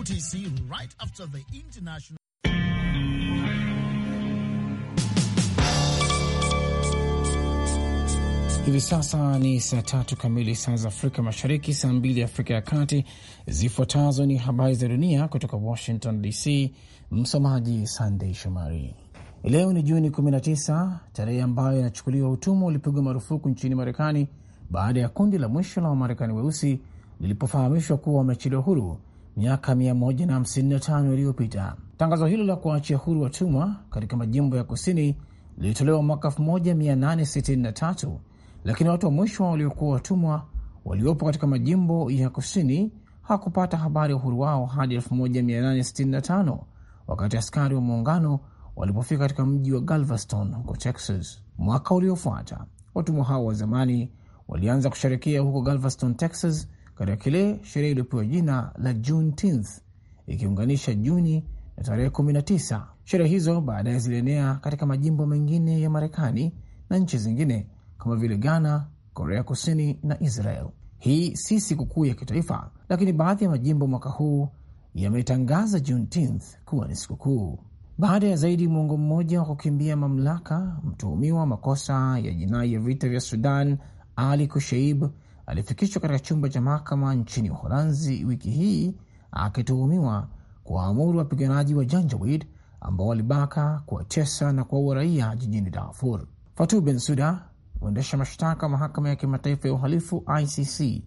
UTC right after the international Hivi sasa ni saa tatu kamili saa za Afrika Mashariki, saa mbili Afrika ya Kati. Zifuatazo ni habari za dunia kutoka Washington DC. Msomaji Sandei Shomari. Leo ni Juni 19, tarehe ambayo inachukuliwa utumwa ulipigwa marufuku nchini Marekani baada ya kundi la mwisho la Wamarekani weusi lilipofahamishwa kuwa wameachiliwa huru miaka 155 iliyopita. Tangazo hilo la kuachia huru watumwa katika majimbo ya kusini lilitolewa mwaka 1863 lakini watu wa mwisho waliokuwa watumwa waliopo katika majimbo ya kusini hakupata habari ya uhuru wao hadi 1865 wakati askari wa muungano walipofika katika mji wa Galveston huko Texas. Mwaka uliofuata watumwa hao wa zamani walianza kusherekea huko Galveston, Texas katika kile sherehe iliyopewa jina la Juneteenth ikiunganisha Juni na tarehe 19. Sherehe hizo baadaye zilienea katika majimbo mengine ya Marekani na nchi zingine kama vile Ghana, Korea Kusini na Israel. Hii si sikukuu ya kitaifa, lakini baadhi ya majimbo mwaka huu yametangaza Juneteenth kuwa ni sikukuu. Baada ya zaidi mwongo mmoja wa kukimbia mamlaka, mtuhumiwa makosa ya jinai ya vita vya Sudan Ali Kushaib alifikishwa katika chumba cha mahakama nchini Uholanzi wiki hii akituhumiwa kuwaamuru wapiganaji wa Janjaweed ambao walibaka, kuwatesa na kuwaua raia jijini Darfur. Fatu Bensuda, mwendesha mashtaka wa mahakama ya kimataifa ya uhalifu ICC,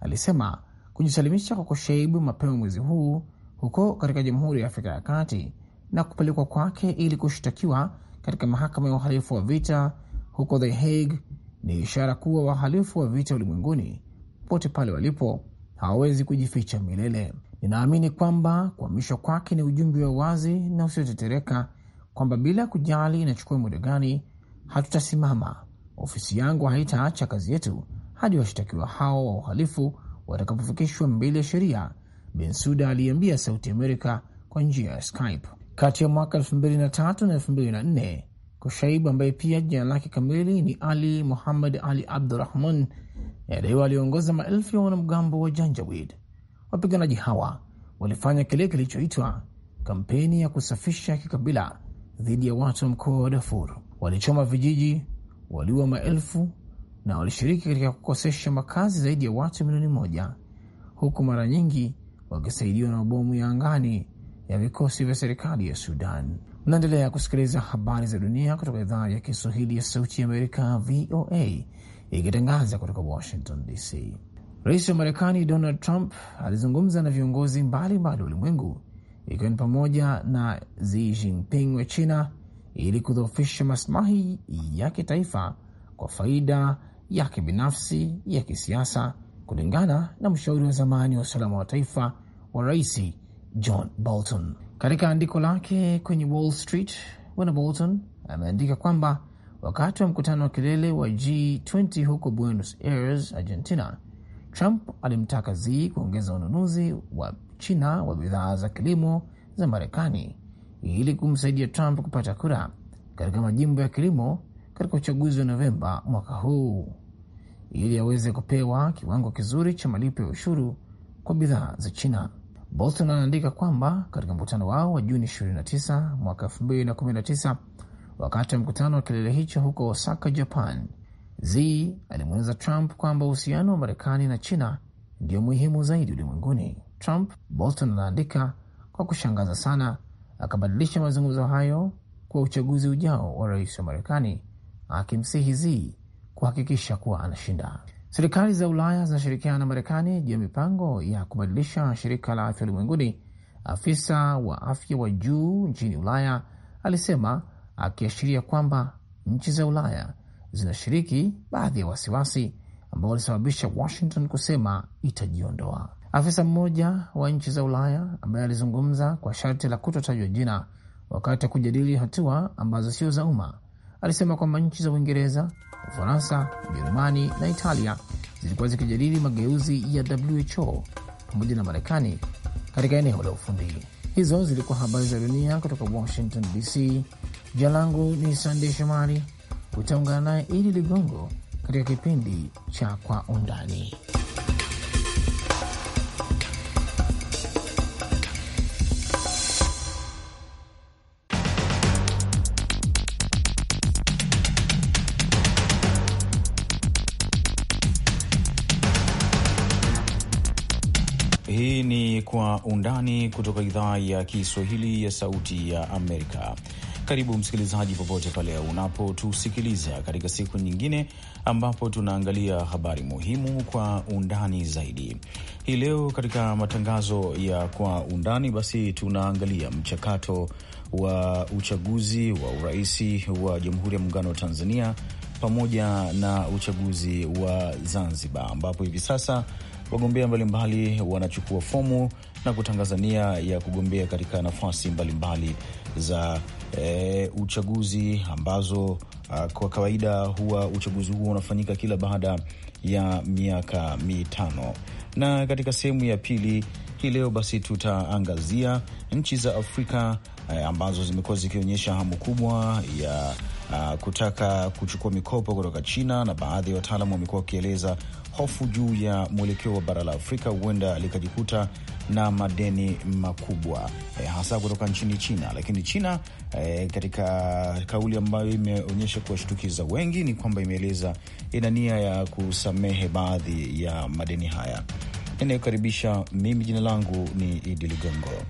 alisema kujisalimisha kwa Kosheibu mapema mwezi huu huko katika Jamhuri ya Afrika ya Kati na kupelekwa kwake ili kushtakiwa katika mahakama ya uhalifu wa vita huko The Hague ni ishara kuwa wahalifu wa vita ulimwenguni, popote pale walipo, hawawezi kujificha milele. Ninaamini kwamba kuhamishwa kwake ni ujumbe wa wazi na usiotetereka kwamba bila kujali inachukua muda gani, hatutasimama. Ofisi yangu haitaacha kazi yetu hadi washtakiwa hao wa uhalifu watakapofikishwa mbele ya sheria, Bensuda aliambia Sauti Amerika kwa njia ya Skype. Kati ya mwaka 2003 na Shaibu ambaye pia jina lake kamili ni Ali Muhammad Ali Abdurahman yadaiwa aliongoza maelfu ya wanamgambo wa Janjawid. Wapiganaji hawa walifanya kile kilichoitwa kampeni ya kusafisha kikabila dhidi ya watu wa mkoa wa Darfur. Walichoma vijiji, waliua maelfu na walishiriki katika kukosesha makazi zaidi ya watu milioni moja, huku mara nyingi wakisaidiwa na mabomu ya angani ya vikosi vya serikali ya Sudan. Unaendelea kusikiliza habari za dunia kutoka idhaa ya Kiswahili ya Sauti ya Amerika, VOA, ikitangaza kutoka Washington DC. Rais wa Marekani Donald Trump alizungumza na viongozi mbalimbali ulimwengu, ikiwa ni pamoja na Xi Jinping wa China ili kudhoofisha maslahi ya kitaifa kwa faida yake binafsi ya kisiasa, kulingana na mshauri wa zamani wa usalama wa taifa wa rais John Bolton. Katika andiko lake kwenye Wall Street, Bwana Bolton ameandika kwamba wakati wa mkutano wa kilele wa G20 huko Buenos Aires, Argentina, Trump alimtaka Xi kuongeza ununuzi wa China wa bidhaa za kilimo za Marekani ili kumsaidia Trump kupata kura katika majimbo ya kilimo katika uchaguzi wa Novemba mwaka huu ili aweze kupewa kiwango kizuri cha malipo ya ushuru kwa bidhaa za China. Bolton anaandika kwamba katika mkutano wao wa Juni 29 mwaka 2019, wakati wa mkutano wa kilele hicho huko Osaka, Japan, Z alimweleza Trump kwamba uhusiano wa Marekani na China ndio muhimu zaidi ulimwenguni. Trump, Bolton anaandika, kwa kushangaza sana akabadilisha mazungumzo hayo kwa uchaguzi ujao wa rais wa Marekani, akimsihi Z kuhakikisha kuwa anashinda. Serikali za Ulaya zinashirikiana na Marekani juu ya mipango ya kubadilisha shirika la afya ulimwenguni, afisa wa afya wa juu nchini Ulaya alisema, akiashiria kwamba nchi za Ulaya zinashiriki baadhi ya wasiwasi ambao walisababisha Washington kusema itajiondoa. Afisa mmoja wa nchi za Ulaya ambaye alizungumza kwa sharti la kutotajwa jina wakati wa kujadili hatua ambazo sio za umma alisema kwamba nchi za Uingereza Ufaransa, Ujerumani na Italia zilikuwa zikijadili mageuzi ya WHO pamoja na Marekani katika eneo la ufundi. Hizo zilikuwa habari za dunia kutoka Washington DC. Jina langu ni Sandey Shomari. Utaungana naye Idi Ligongo katika kipindi cha Kwa Undani. undani kutoka idhaa ya Kiswahili ya Sauti ya Amerika. Karibu msikilizaji, popote pale unapotusikiliza katika siku nyingine ambapo tunaangalia habari muhimu kwa undani zaidi. Hii leo katika matangazo ya kwa undani, basi tunaangalia mchakato wa uchaguzi wa uraisi wa Jamhuri ya Muungano wa Tanzania pamoja na uchaguzi wa Zanzibar ambapo hivi sasa wagombea mbalimbali wanachukua fomu na kutangaza nia ya kugombea katika nafasi mbalimbali za e, uchaguzi ambazo a, ah, kwa kawaida huwa uchaguzi huo unafanyika kila baada ya miaka mitano. Na katika sehemu ya pili hii leo basi tutaangazia nchi za Afrika e, ambazo zimekuwa zikionyesha hamu kubwa ya a, ah, kutaka kuchukua mikopo kutoka China na baadhi ya wataalamu wamekuwa wakieleza hofu juu ya mwelekeo wa bara la Afrika huenda likajikuta na madeni makubwa e, hasa kutoka nchini China. Lakini China e, katika kauli ambayo imeonyesha kuwashtukiza wengi ni kwamba imeeleza ina nia ya kusamehe baadhi ya madeni haya. Inayokaribisha mimi, jina langu ni Idi Ligongo.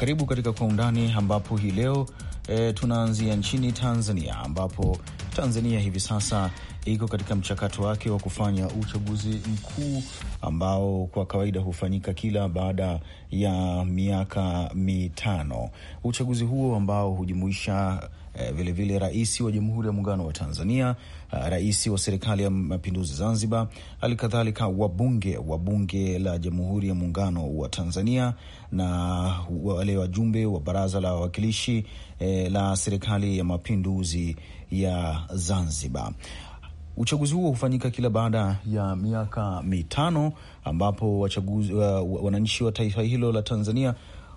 Karibu katika Kwa Undani, ambapo hii leo e, tunaanzia nchini Tanzania, ambapo Tanzania hivi sasa iko katika mchakato wake wa kufanya uchaguzi mkuu ambao kwa kawaida hufanyika kila baada ya miaka mitano. Uchaguzi huo ambao hujumuisha vilevile eh, rais wa Jamhuri ya Muungano wa Tanzania Uh, rais wa serikali ya mapinduzi Zanzibar, hali kadhalika wabunge wa bunge la jamhuri ya muungano wa Tanzania na wale wajumbe wa baraza la wawakilishi eh, la serikali ya mapinduzi ya Zanzibar. Uchaguzi huo hufanyika kila baada ya miaka mitano ambapo wachaguzi, uh, wananchi wa taifa hilo la Tanzania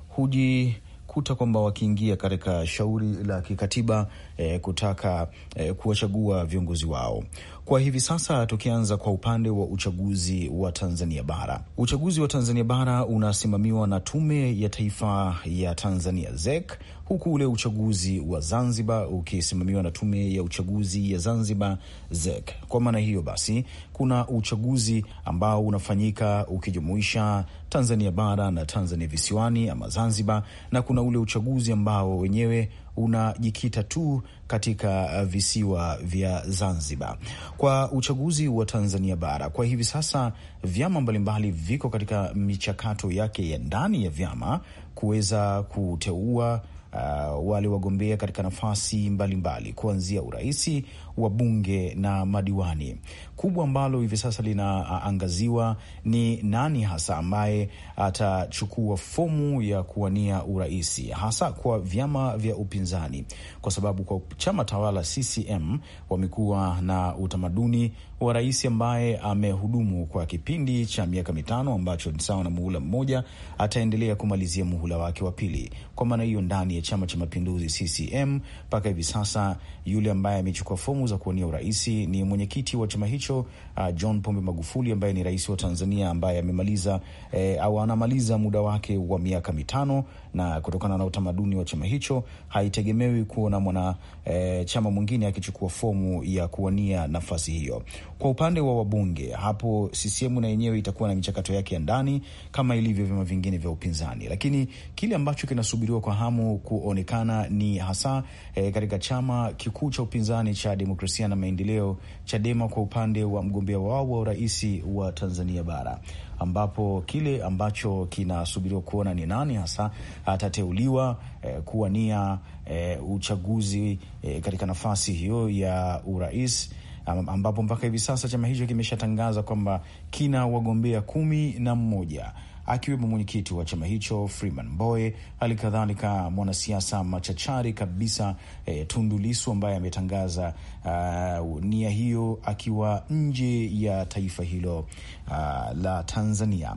huji wamekuta kwamba wakiingia katika shauri la kikatiba eh, kutaka eh, kuwachagua viongozi wao kwa hivi sasa. Tukianza kwa upande wa uchaguzi wa Tanzania Bara, uchaguzi wa Tanzania Bara unasimamiwa na Tume ya Taifa ya Tanzania ZEC, huku ule uchaguzi wa Zanzibar ukisimamiwa na Tume ya Uchaguzi ya Zanzibar ZEC. Kwa maana hiyo basi, kuna uchaguzi ambao unafanyika ukijumuisha Tanzania Bara na Tanzania visiwani ama Zanzibar, na kuna ule uchaguzi ambao wenyewe unajikita tu katika uh, visiwa vya Zanzibar. Kwa uchaguzi wa Tanzania bara kwa hivi sasa, vyama mbalimbali viko katika michakato yake ya ndani ya vyama kuweza kuteua Uh, wale wagombea katika nafasi mbalimbali kuanzia uraisi wa bunge na madiwani. Kubwa ambalo hivi sasa linaangaziwa ni nani hasa ambaye atachukua fomu ya kuwania urahisi hasa kwa vyama vya upinzani, kwa sababu kwa chama tawala CCM wamekuwa na utamaduni wa rais ambaye amehudumu kwa kipindi cha miaka mitano ambacho ni sawa na muhula mmoja, ataendelea kumalizia muhula wake wa pili. Kwa maana hiyo, ndani ya chama cha mapinduzi CCM mpaka hivi sasa yule ambaye amechukua fomu hatamu za kuwania urais ni mwenyekiti wa chama hicho uh, John Pombe Magufuli ambaye ni rais wa Tanzania ambaye amemaliza eh, au anamaliza muda wake wa miaka mitano, na kutokana na utamaduni wa chama hicho haitegemewi kuona mwana eh, chama mwingine akichukua fomu ya kuwania nafasi hiyo. Kwa upande wa wabunge hapo, CCM na yenyewe itakuwa na michakato yake ya ndani kama ilivyo vyama vingine vya upinzani, lakini kile ambacho kinasubiriwa kwa hamu kuonekana ni hasa eh, katika chama kikuu cha upinzani cha Demokrasia na Maendeleo, Chadema, kwa upande wa mgombea wao wa urais wa Tanzania Bara, ambapo kile ambacho kinasubiriwa kuona ni nani hasa atateuliwa eh, kuwania eh, uchaguzi eh, katika nafasi hiyo ya urais ambapo mpaka hivi sasa chama hicho kimeshatangaza kwamba kina wagombea kumi na mmoja akiwemo mwenyekiti wa chama hicho Freeman Mbowe, hali kadhalika mwanasiasa machachari kabisa eh, Tundu Lissu ambaye ametangaza uh, nia hiyo akiwa nje ya taifa hilo uh, la Tanzania.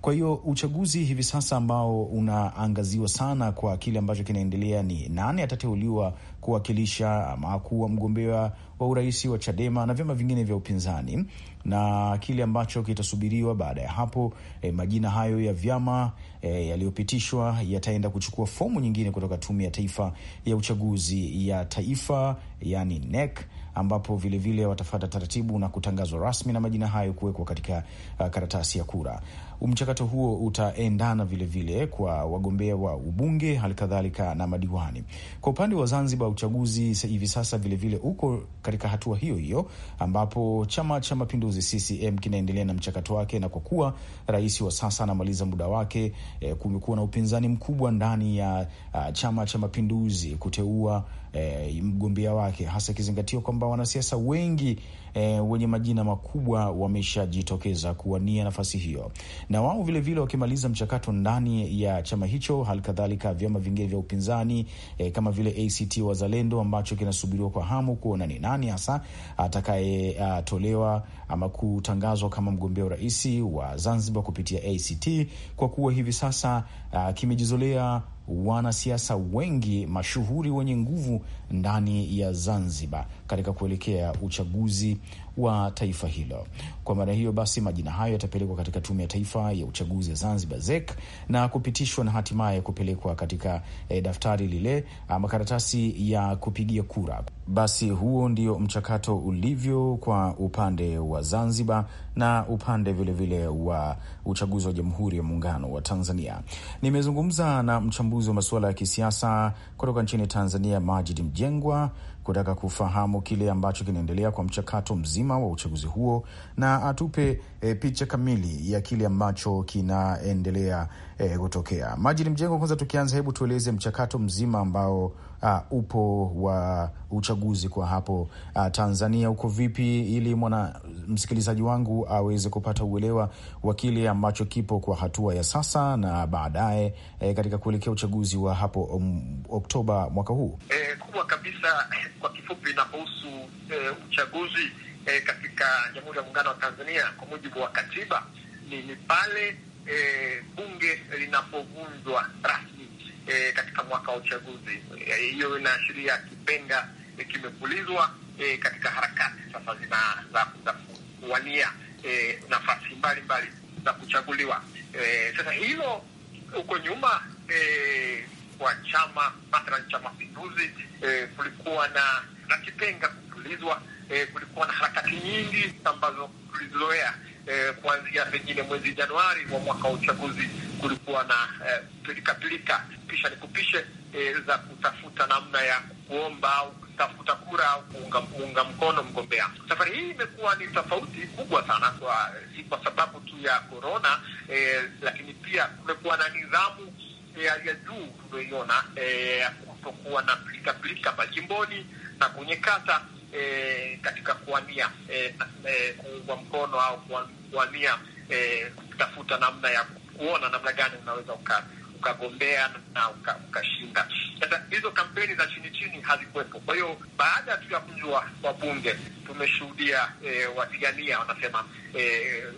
Kwa hiyo uchaguzi hivi sasa ambao unaangaziwa sana kwa kile ambacho kinaendelea ni nani atateuliwa kuwakilisha ama kuwa mgombea wa urais wa Chadema na vyama vingine vya upinzani na kile ambacho kitasubiriwa baada ya hapo e, majina hayo ya vyama e, yaliyopitishwa yataenda kuchukua fomu nyingine kutoka Tume ya Taifa ya Uchaguzi ya Taifa, yani NEC, ambapo vilevile vile watafata taratibu na kutangazwa rasmi na majina hayo kuwekwa katika uh, karatasi ya kura. Mchakato huo utaendana vilevile kwa wagombea wa ubunge halikadhalika na madiwani. Kwa upande wa Zanzibar, uchaguzi hivi sasa vilevile uko katika hatua hiyo hiyo, ambapo chama cha mapinduzi CCM kinaendelea na mchakato wake, na kwa kuwa rais wa sasa anamaliza muda wake, e, kumekuwa na upinzani mkubwa ndani ya a, ah, chama cha mapinduzi kuteua e, mgombea wake, hasa ikizingatiwa kwamba wanasiasa wengi e, wenye majina makubwa wameshajitokeza kuwania nafasi hiyo, na wao vilevile wakimaliza mchakato ndani ya chama hicho, halikadhalika vyama vingine vya upinzani e, kama vile ACT Wazalendo ambacho kinasubiriwa kwa hamu kuona ni nani hasa atakayetolewa uh, ama kutangazwa kama mgombea urais wa Zanzibar kupitia ACT, kwa kuwa hivi sasa uh, kimejizolea wanasiasa wengi mashuhuri wenye nguvu ndani ya Zanzibar katika kuelekea uchaguzi wa taifa hilo. Kwa maana hiyo basi, majina hayo yatapelekwa katika Tume ya Taifa ya Uchaguzi ya Zanzibar, ZEK, na kupitishwa na hatimaye kupelekwa katika eh, daftari lile ama ah, karatasi ya kupigia kura. Basi huo ndio mchakato ulivyo kwa upande wa Zanzibar na upande vilevile vile wa uchaguzi wa Jamhuri ya Muungano wa Tanzania. Nimezungumza na mchambuzi wa masuala ya kisiasa kutoka nchini Tanzania, Majid Mjengwa kutaka kufahamu kile ambacho kinaendelea kwa mchakato mzima wa uchaguzi huo na atupe e, picha kamili ya kile ambacho kinaendelea e, kutokea. Majini Mjengo, kwanza tukianza, hebu tueleze mchakato mzima ambao uh, upo wa uchaguzi kwa hapo uh, Tanzania uko vipi, ili mwana msikilizaji wangu aweze kupata uelewa wa kile ambacho kipo kwa hatua ya sasa na baadaye eh, katika kuelekea uchaguzi wa hapo um, Oktoba mwaka huu eh, kubwa kabisa eh, kwa kifupi inapohusu eh, uchaguzi eh, katika Jamhuri ya Muungano wa Tanzania kwa mujibu wa katiba ni, ni pale eh, bunge linapovunjwa rasmi e, katika mwaka wa uchaguzi. E, hiyo e, inaashiria kipenga e, kimepulizwa e, katika harakati sasa za kuwania e, nafasi mbalimbali za kuchaguliwa. E, sasa hilo huko nyuma e, kwa chama mathalan cha Mapinduzi e, kulikuwa na, na kipenga kupulizwa e, kulikuwa na harakati nyingi ambazo tulizoea eh, kuanzia pengine mwezi Januari wa mwaka wa uchaguzi kulikuwa na eh, pilika pilika pisha ni kupishe eh, za kutafuta namna ya kuomba au kutafuta kura au kuunga, kuunga mkono mgombea. Safari hii imekuwa ni tofauti kubwa sana, kwa si kwa sababu tu ya korona eh, lakini pia kumekuwa na nidhamu ya, ya juu tunaiona eh, ya eh, kutokuwa na pilika pilika majimboni na kwenye kata e, katika kuania e, eh, e, eh, kuungwa mkono au kuania e, kutafuta namna ya kuona namna gani unaweza uka, ukagombea na uka, ukashinda. Sasa hizo kampeni za chini chini hazikuwepo. Kwa hiyo baada ya kujua wa bunge tumeshuhudia e, wapigania wanasema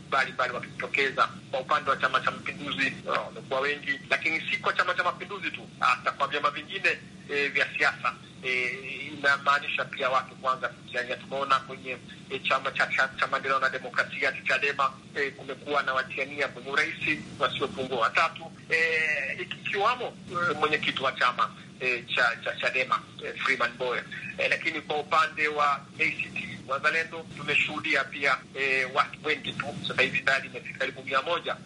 mbalimbali e, wakijitokeza kwa upande wa Chama cha Mapinduzi wamekuwa wengi, lakini si kwa Chama cha Mapinduzi tu, hata kwa vyama vingine e, vya siasa e, inamaanisha pia watu kwanza kujiania. Tumeona kwenye e, chama cha cha maendeleo na demokrasia cha Chadema e, kumekuwa na watiania kwenye urais wasiopungua watatu e, ikiwamo e, mwenyekiti wa chama e, cha cha Chadema e, Freeman e, lakini kwa upande wa ACT Wazalendo tumeshuhudia pia e, watu wengi tu sasa hivi idadi imefika karibu mia moja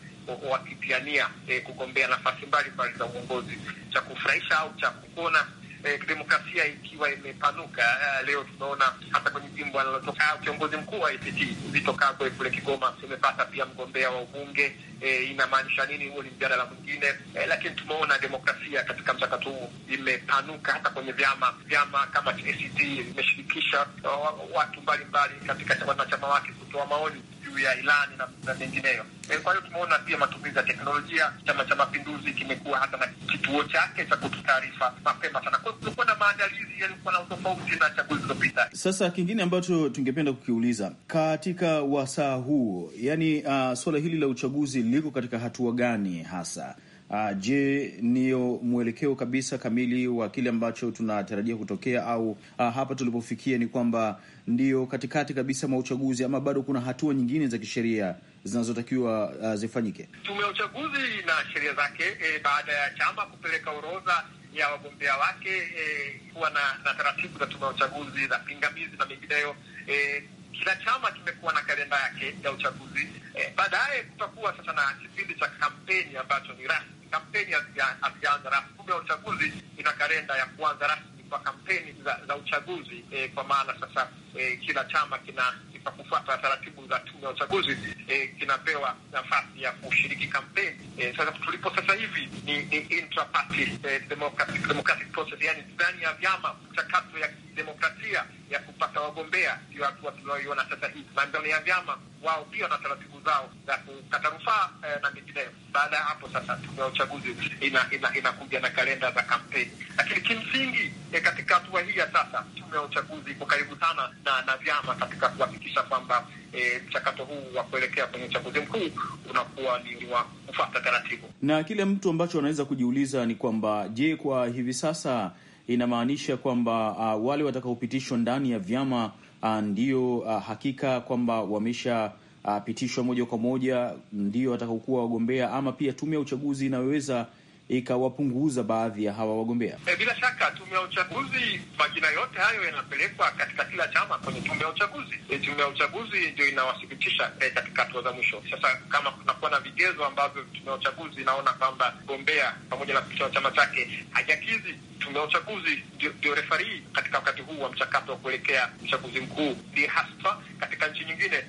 wakipiania e, kugombea nafasi mbalimbali za uongozi. Cha kufurahisha au cha kukona eh, demokrasia ikiwa imepanuka. Uh, leo tunaona hata kwenye jimbo analotoka kiongozi mkuu wa ACT Zitto Kabwe kule Kigoma imepata pia mgombea wa ubunge. Eh, inamaanisha nini? Huo ni mjadala mwingine eh, lakini tumeona demokrasia katika mchakato huu imepanuka hata kwenye vyama. Vyama kama ACT imeshirikisha eh, watu mbalimbali katika wanachama wake kutoa maoni juu ya ilani na, na mengineyo. E, kwa hiyo tumeona pia matumizi ya teknolojia. Chama cha Mapinduzi kimekuwa hata na kituo chake cha taarifa mapema sana. Kwa hiyo kulikuwa na maandalizi yalikuwa na utofauti na chaguzi zilizopita. Sasa kingine ambacho tungependa kukiuliza katika wasaa huo, yani uh, ah, suala hili la uchaguzi liko katika hatua gani hasa? Uh, je, niyo mwelekeo kabisa kamili wa kile ambacho tunatarajia kutokea au uh, hapa tulipofikia ni kwamba ndiyo katikati kabisa mwa uchaguzi ama bado kuna hatua nyingine za kisheria zinazotakiwa uh, zifanyike? Tume ya uchaguzi na sheria zake e, baada ya chama kupeleka orodha ya wagombea wake e, kuwa na, na taratibu za tume ya uchaguzi za pingamizi na mengineyo e, kila chama kimekuwa na kalenda yake ya uchaguzi e, baadaye kutakuwa sasa na kipindi cha kampeni ambacho ni rasmi kampeni hazijaanza rasmi. Tume ya uchaguzi ina kalenda ya kuanza rasmi kwa kampeni za, za uchaguzi eh, kwa maana sasa e, kila chama kina kwa kufuata taratibu za tume ya uchaguzi e, kinapewa nafasi ya kushiriki kampeni e, eh, sasa tulipo sasa hivi ni, ni intra party e, democratic, democratic process, yani ndani ya vyama mchakato ya kidemokrasia ya kupata wagombea ndio hatua tunaoiona sasa hivi, na ndani ya vyama wao pia na taratibu zao za kukata rufaa e, na mingineyo. Baada ya hapo sasa tume ya uchaguzi inakuja ina, ina na kalenda za kampeni, lakini kimsingi e, katika hatua hii ya sasa tume ya uchaguzi iko karibu sana na, na vyama katika kuhakikisha kwamba e, mchakato e, huu wa kuelekea kwenye uchaguzi mkuu unakuwa ni wa kufuata taratibu. Na kile mtu ambacho anaweza kujiuliza ni kwamba je, kwa hivi sasa inamaanisha kwamba uh, wale watakaopitishwa ndani ya vyama uh, ndio uh, hakika kwamba wamesha uh, pitishwa moja kwa moja, ndio watakaokuwa wagombea, ama pia tume ya uchaguzi inaweza ikawapunguza baadhi ya hawa wagombea. E, bila shaka tume ya uchaguzi, majina yote hayo yanapelekwa katika kila chama kwenye tume ya uchaguzi. E, tume ya uchaguzi ndio inawathibitisha e, eh, katika hatua za mwisho. Sasa kama kunakuwa na vigezo ambavyo tume ya uchaguzi inaona kwamba gombea pamoja na kupitia chama chake hajakizi tume ya uchaguzi ndio refarii katika wakati huu wa mchakato wa kuelekea uchaguzi mkuu, ni haswa katika nchi nyingine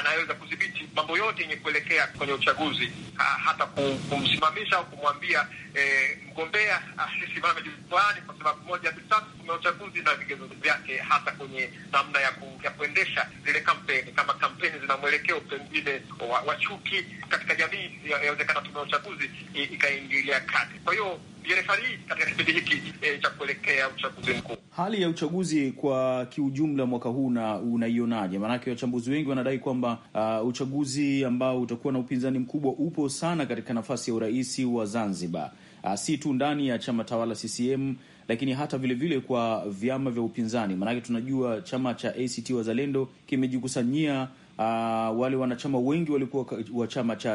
anaweza kudhibiti mambo yote yenye kuelekea kwenye uchaguzi ha, hata kumsimamisha au kumwambia e, mgombea asisimame ah, jukwani kwa sababu moja tatu. Kuna uchaguzi na vigezo vyake, hata kwenye namna ya, ku, ya kuendesha zile kampeni. Kama kampeni zina mwelekeo pengine wa, wa chuki katika jamii, yawezekana tume ya uchaguzi ikaingilia kati. Kwa hiyo katika kipindi hiki e, cha kuelekea uchaguzi mkuu. Hali ya uchaguzi kwa kiujumla mwaka huu na unaionaje? Maanake wachambuzi wengi wanadai kwamba uh, uchaguzi ambao utakuwa na upinzani mkubwa upo sana katika nafasi ya urais wa Zanzibar, uh, si tu ndani ya chama tawala CCM lakini hata vilevile vile kwa vyama vya upinzani, maanake tunajua chama cha ACT Wazalendo kimejikusanyia uh, wale wanachama wengi walikuwa wa chama cha CUF.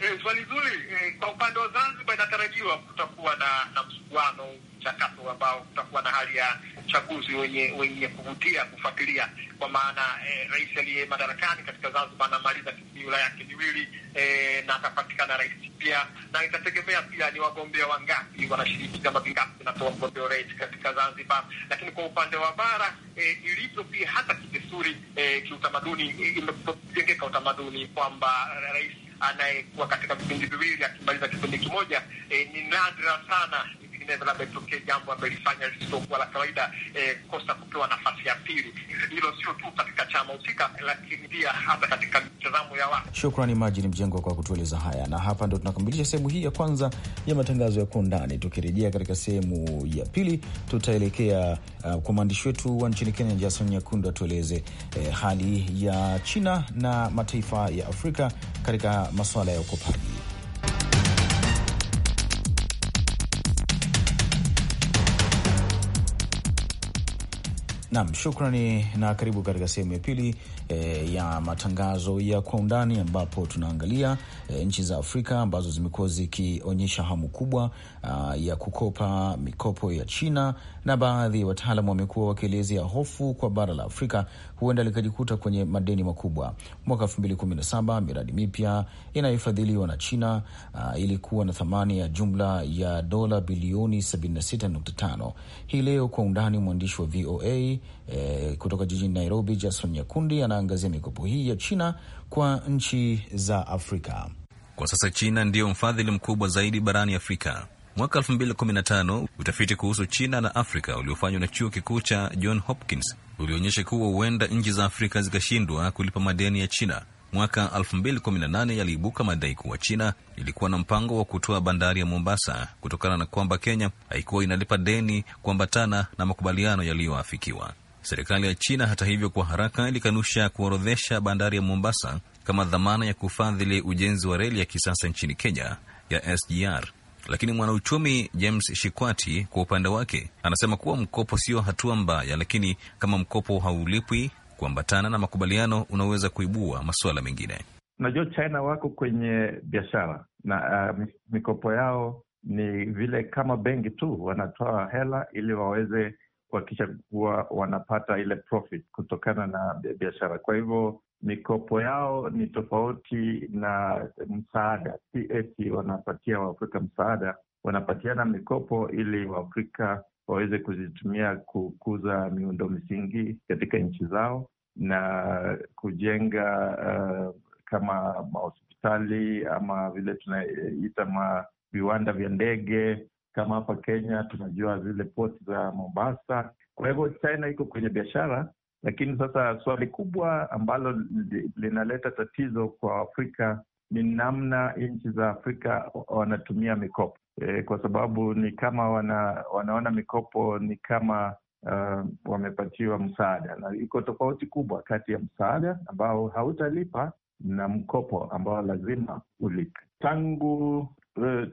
Eh, swali zuri. Eh, kwa upande wa Zanzibar inajua kutakuwa na, na msuguano mchakato ambao kutakuwa na hali ya uchaguzi wenye wenye kuvutia kufuatilia, kwa maana eh, rais aliye madarakani katika Zanzibar anamaliza miula yake miwili eh, na atapatikana rais pia, na itategemea pia ni wagombea wangapi wanashiriki, vyama vingapi vinatoa mgombea rais katika Zanzibar. Lakini kwa upande wa bara eh, ilivyo pia hata kidesturi eh, kiutamaduni, imejengeka utamaduni kwamba rais anayekuwa katika vipindi viwili akimaliza kipindi kimoja. E, ni nadra sana vinginevyo labda itokee jambo ambayo ilifanya lisilokuwa la kawaida, eh, kosa kupewa nafasi ya pili. Hilo sio tu katika chama husika, lakini pia hata katika mtazamo ya watu. Shukrani Maji ni Mjengo kwa kutueleza haya, na hapa ndo tunakamilisha sehemu hii ya kwanza ya matangazo ya kwa undani. Tukirejea katika sehemu ya pili, tutaelekea uh, kwa mwandishi wetu wa nchini Kenya Jason Nyakundu atueleze eh, hali ya China na mataifa ya Afrika katika masuala ya ukopaji. Nam, shukrani na karibu katika sehemu ya pili e, ya matangazo ya kwa undani ambapo tunaangalia e, nchi za Afrika ambazo zimekuwa zikionyesha hamu kubwa a, ya kukopa mikopo ya China, na baadhi ya wataalam wamekuwa wakielezea hofu kwa bara la Afrika huenda likajikuta kwenye madeni makubwa. Mwaka 2017 miradi mipya inayofadhiliwa na China a, ilikuwa na thamani ya jumla ya dola bilioni 76.5. Hii leo kwa undani mwandishi wa VOA e, kutoka jijini Nairobi, Jason Nyakundi ana angazia mikopo hii ya China kwa nchi za Afrika. Kwa sasa China ndiyo mfadhili mkubwa zaidi barani Afrika. Mwaka 2015 utafiti kuhusu China na Afrika uliofanywa na chuo kikuu cha John Hopkins ulionyesha kuwa huenda nchi za Afrika zikashindwa kulipa madeni ya China. Mwaka 2018 yaliibuka madai kuwa China ilikuwa na mpango wa kutoa bandari ya Mombasa kutokana na kwamba Kenya haikuwa inalipa deni kuambatana na makubaliano yaliyoafikiwa. Serikali ya China hata hivyo, kwa haraka ilikanusha kuorodhesha bandari ya Mombasa kama dhamana ya kufadhili ujenzi wa reli ya kisasa nchini Kenya ya SGR. Lakini mwanauchumi James Shikwati kwa upande wake anasema kuwa mkopo sio hatua mbaya, lakini kama mkopo haulipwi kuambatana na makubaliano unaweza kuibua masuala mengine. Unajua, China wako kwenye biashara na uh, mikopo yao ni vile kama benki tu, wanatoa hela ili waweze kuhakikisha kuwa wanapata ile profit kutokana na biashara. Kwa hivyo mikopo yao ni tofauti na msaada. CAC wanapatia Waafrika msaada, wanapatiana mikopo ili Waafrika waweze kuzitumia kukuza miundo misingi katika nchi zao na kujenga uh, kama mahospitali ama vile tunaita ma viwanda vya ndege kama hapa Kenya tunajua zile poti za Mombasa. Kwa hivyo China iko kwenye biashara, lakini sasa swali kubwa ambalo linaleta tatizo kwa Afrika ni namna nchi za Afrika wanatumia mikopo e, kwa sababu ni kama wana, wanaona mikopo ni kama uh, wamepatiwa msaada, na iko tofauti kubwa kati ya msaada ambao hautalipa na mkopo ambao lazima ulipe. Tangu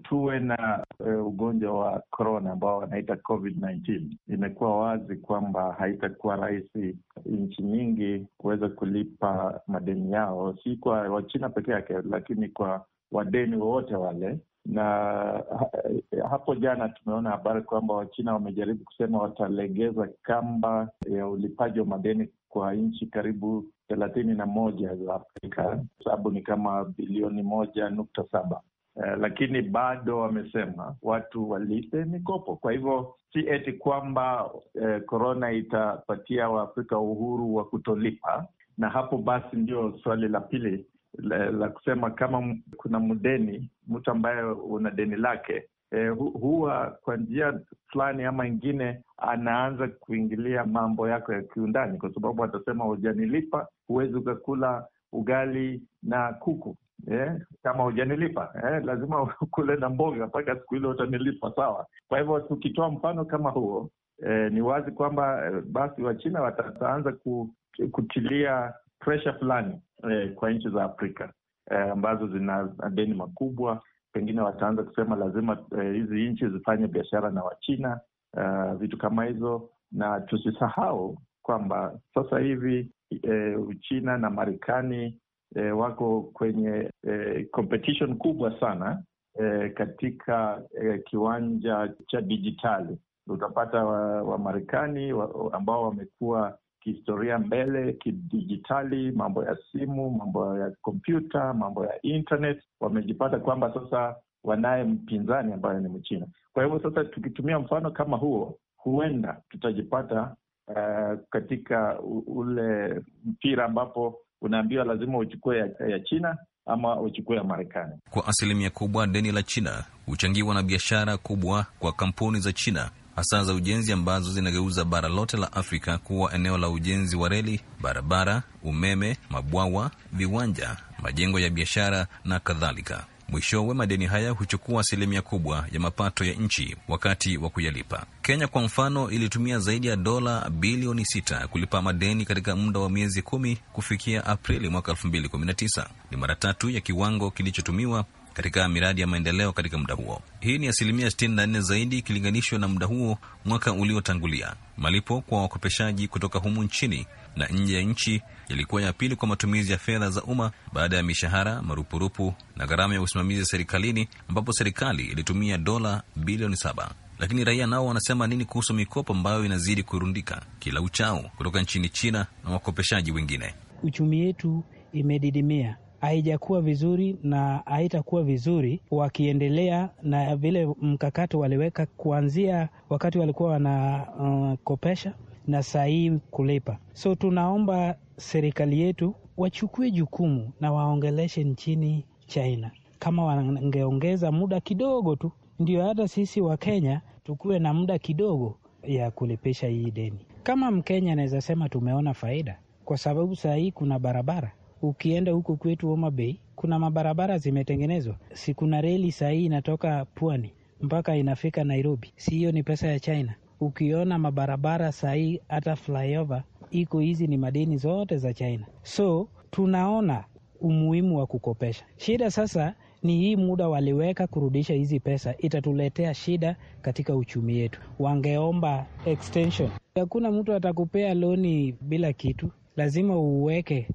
tuwe na uh, ugonjwa wa corona ambao wanaita COVID-19, imekuwa wazi kwamba haitakuwa rahisi nchi nyingi kuweza kulipa madeni yao, si kwa Wachina peke yake, lakini kwa wadeni wowote wale na hapo jana tumeona habari kwamba Wachina wamejaribu kusema watalegeza kamba ya ulipaji wa madeni kwa nchi karibu thelathini na moja za Afrika, sababu ni kama bilioni moja nukta saba eh, lakini bado wamesema watu walipe mikopo. Kwa hivyo si eti kwamba korona eh, itapatia Waafrika uhuru wa kutolipa, na hapo basi ndio swali la pili la, la kusema kama kuna mdeni, mtu ambaye una deni lake eh, huwa kwa njia fulani ama ingine anaanza kuingilia mambo yako ya kiundani, kwa sababu atasema hujanilipa, huwezi ukakula ugali na kuku eh, kama hujanilipa eh, lazima ukule na mboga mpaka siku hilo utanilipa, sawa. Kwa hivyo tukitoa mfano kama huo eh, ni wazi kwamba eh, basi Wachina wataanza kutilia presha fulani eh, kwa nchi za Afrika eh, ambazo zina deni makubwa. Pengine wataanza kusema lazima eh, hizi eh, nchi zifanye biashara na Wachina eh, vitu kama hizo, na tusisahau kwamba sasa hivi eh, Uchina na Marekani e, wako kwenye e, competition kubwa sana e, katika e, kiwanja cha dijitali. Utapata Wamarekani wa wa, ambao wamekuwa kihistoria mbele kidijitali, mambo ya simu, mambo ya kompyuta, mambo ya internet, wamejipata kwamba sasa wanaye mpinzani ambayo ni Mchina. Kwa hivyo sasa, tukitumia mfano kama huo, huenda tutajipata uh, katika ule mpira ambapo unaambiwa lazima uchukue ya, ya China ama uchukue ya Marekani. Kwa asilimia kubwa deni la China huchangiwa na biashara kubwa kwa kampuni za China hasa za ujenzi ambazo zinageuza bara lote la Afrika kuwa eneo la ujenzi wa reli, barabara, umeme, mabwawa, viwanja, majengo ya biashara na kadhalika. Mwishowe madeni haya huchukua asilimia kubwa ya mapato ya nchi wakati wa kuyalipa. Kenya kwa mfano ilitumia zaidi ya dola bilioni sita kulipa madeni katika muda wa miezi kumi kufikia Aprili mwaka Ni mara tatu ya kiwango kilichotumiwa katika miradi ya maendeleo katika muda huo. Hii ni asilimia 64 zaidi ikilinganishwa na muda huo mwaka uliotangulia. Malipo kwa wakopeshaji kutoka humu nchini na nje ya nchi ilikuwa ya pili kwa matumizi ya fedha za umma baada ya mishahara, marupurupu na gharama ya usimamizi serikalini, ambapo serikali ilitumia dola bilioni saba. Lakini raia nao wanasema nini kuhusu mikopo ambayo inazidi kurundika kila uchao kutoka nchini China na wakopeshaji wengine? Uchumi yetu imedidimia, haijakuwa vizuri na haitakuwa vizuri wakiendelea na vile mkakati waliweka kuanzia wakati walikuwa wanakopesha uh, na sahihi hii kulipa. So tunaomba serikali yetu wachukue jukumu na waongeleshe nchini China, kama wangeongeza muda kidogo tu, ndio hata sisi wa Kenya tukuwe na muda kidogo ya kulipisha hii deni. Kama Mkenya anaweza sema tumeona faida, kwa sababu saa hii kuna barabara. Ukienda huko kwetu Homa Bay kuna mabarabara zimetengenezwa, si kuna reli saa hii inatoka pwani mpaka inafika Nairobi, si hiyo ni pesa ya China? ukiona mabarabara sahii hata flyover iko, hizi ni madeni zote za China. So tunaona umuhimu wa kukopesha. Shida sasa ni hii muda waliweka kurudisha hizi pesa itatuletea shida katika uchumi yetu. Wangeomba extension. Hakuna mtu atakupea loni bila kitu, lazima uweke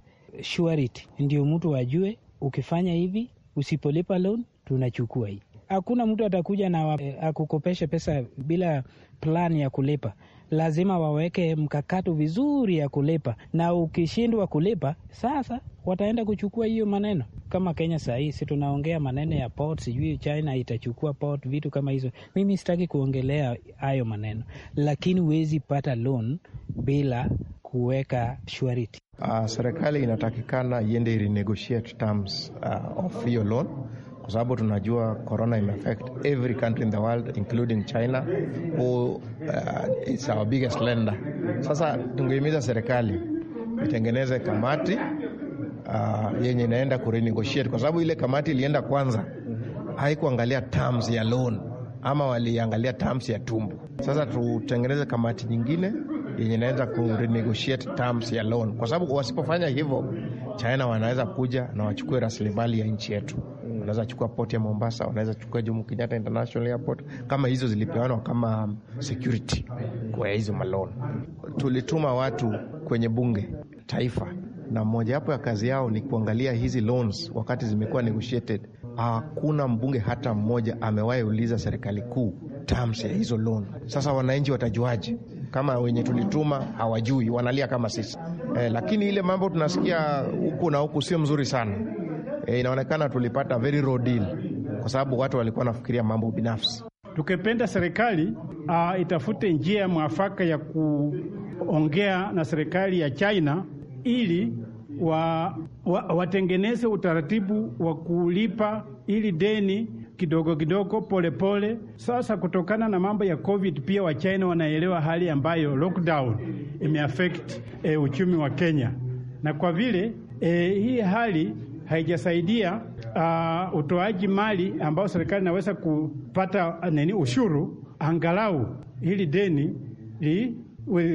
surety, ndio mtu ajue ukifanya hivi, usipolipa loni tunachukua hii Hakuna mtu atakuja na eh, akukopeshe pesa bila plani ya kulipa. Lazima waweke mkakati vizuri ya kulipa, na ukishindwa kulipa, sasa wataenda kuchukua hiyo maneno. Kama Kenya sahii, si tunaongea maneno ya port, sijui China itachukua port, vitu kama hizo. Mimi sitaki kuongelea hayo maneno, lakini huwezi pata loan bila kuweka shwariti. Uh, serikali inatakikana iende irenegotiate terms uh, of hiyo loan kwa sababu tunajua corona imeaffect every country in the world including China who, uh, is our biggest lender. Sasa tungehimiza serikali itengeneze kamati uh, yenye inaenda kurenegotiate kwa sababu ile kamati ilienda kwanza haikuangalia terms ya loan ama waliangalia terms ya tumbo. Sasa tutengeneze kamati nyingine yenye inaweza kurenegotiate terms ya loan, kwa sababu wasipofanya hivyo China wanaweza kuja na wachukue rasilimali ya nchi yetu mm. wanaweza chukua port ya Mombasa, wanaweza chukua Jomo Kenyatta International Airport. Kama hizo zilipeanwa kama um, security kwa hizo malon, tulituma watu kwenye bunge taifa, na mojawapo ya kazi yao ni kuangalia hizi loans wakati zimekuwa negotiated. Hakuna mbunge hata mmoja amewahi uliza serikali kuu terms ya hizo loan. Sasa wananchi watajuaje kama wenye tulituma hawajui? Wanalia kama sisi eh, lakini ile mambo tunasikia huku na huku sio mzuri sana eh, inaonekana tulipata very raw deal kwa sababu watu walikuwa wanafikiria mambo binafsi. Tukipenda serikali uh, itafute njia ya mwafaka ya kuongea na serikali ya China ili wa, wa, watengeneze utaratibu wa kulipa ili deni kidogo kidogo, polepole pole. Sasa kutokana na mambo ya COVID pia Wachina wanaelewa hali ambayo lockdown imeaffect e, uchumi wa Kenya, na kwa vile e, hii hali haijasaidia uh, utoaji mali ambao serikali inaweza kupata nini ushuru, angalau hili deni li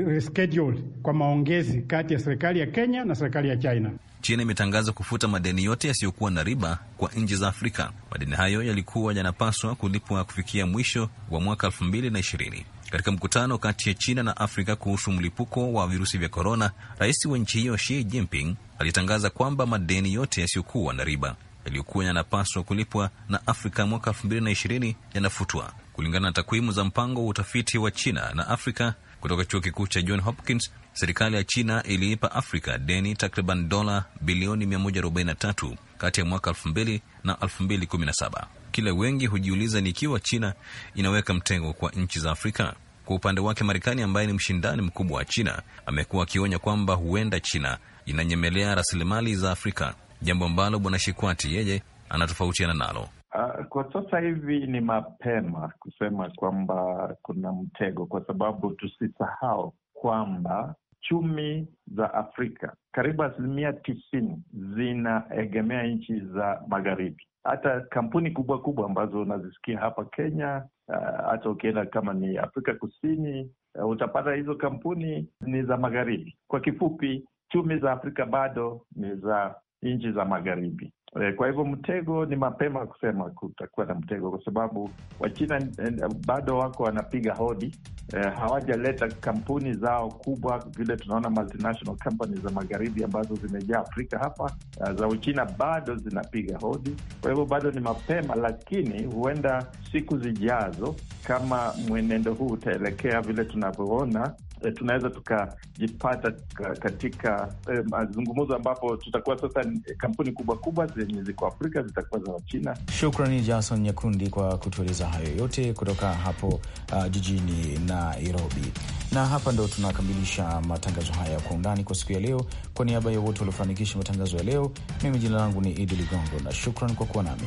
reschedule kwa maongezi kati ya serikali ya Kenya na serikali ya China. China imetangaza kufuta madeni yote yasiyokuwa na riba kwa nchi za Afrika. Madeni hayo yalikuwa yanapaswa kulipwa kufikia mwisho wa mwaka elfu mbili na ishirini. Katika mkutano kati ya China na Afrika kuhusu mlipuko wa virusi vya korona, rais wa nchi hiyo Xi Jinping alitangaza kwamba madeni yote yasiyokuwa na riba yaliyokuwa yanapaswa kulipwa na Afrika mwaka elfu mbili na ishirini yanafutwa kulingana na takwimu za mpango wa utafiti wa China na Afrika kutoka chuo kikuu cha John Hopkins Serikali ya China iliipa Afrika deni takriban dola bilioni 143 kati ya mwaka 2000 na 2017. Kile wengi hujiuliza ni ikiwa China inaweka mtengo kwa nchi za Afrika. Kwa upande wake, Marekani ambaye ni mshindani mkubwa wa China amekuwa akionya kwamba huenda China inanyemelea rasilimali za Afrika, jambo ambalo Bwana Shikwati yeye anatofautiana nalo. Uh, kwa sasa hivi ni mapema kusema kwamba kuna mtego, kwa sababu tusisahau kwamba chumi za Afrika karibu asilimia tisini zinaegemea nchi za magharibi. Hata kampuni kubwa kubwa ambazo unazisikia hapa Kenya, eh, hata uh, ukienda kama ni Afrika Kusini uh, utapata hizo kampuni ni za magharibi. Kwa kifupi, chumi za Afrika bado ni za nchi za magharibi. Eh, kwa hivyo mtego, ni mapema kusema kutakuwa na mtego, kwa sababu Wachina eh, bado wako wanapiga hodi eh, hawajaleta kampuni zao kubwa vile tunaona multinational companies za magharibi ambazo zimejaa Afrika hapa. Eh, za Uchina bado zinapiga hodi, kwa hivyo bado ni mapema, lakini huenda siku zijazo, kama mwenendo huu utaelekea vile tunavyoona e, tunaweza tukajipata katika e, mazungumzo ambapo tutakuwa sasa eh, kampuni kubwa kubwa zenye ziko Afrika zitakuwa za Wachina. Shukrani Jason Nyakundi kwa kutueleza hayo yote kutoka hapo uh, jijini Nairobi. Na hapa ndo tunakamilisha matangazo haya kwa undani kwa siku ya leo. Kwa niaba ya wote waliofanikisha matangazo ya leo, mimi jina langu ni Idi Ligongo na shukran kwa kuwa nami.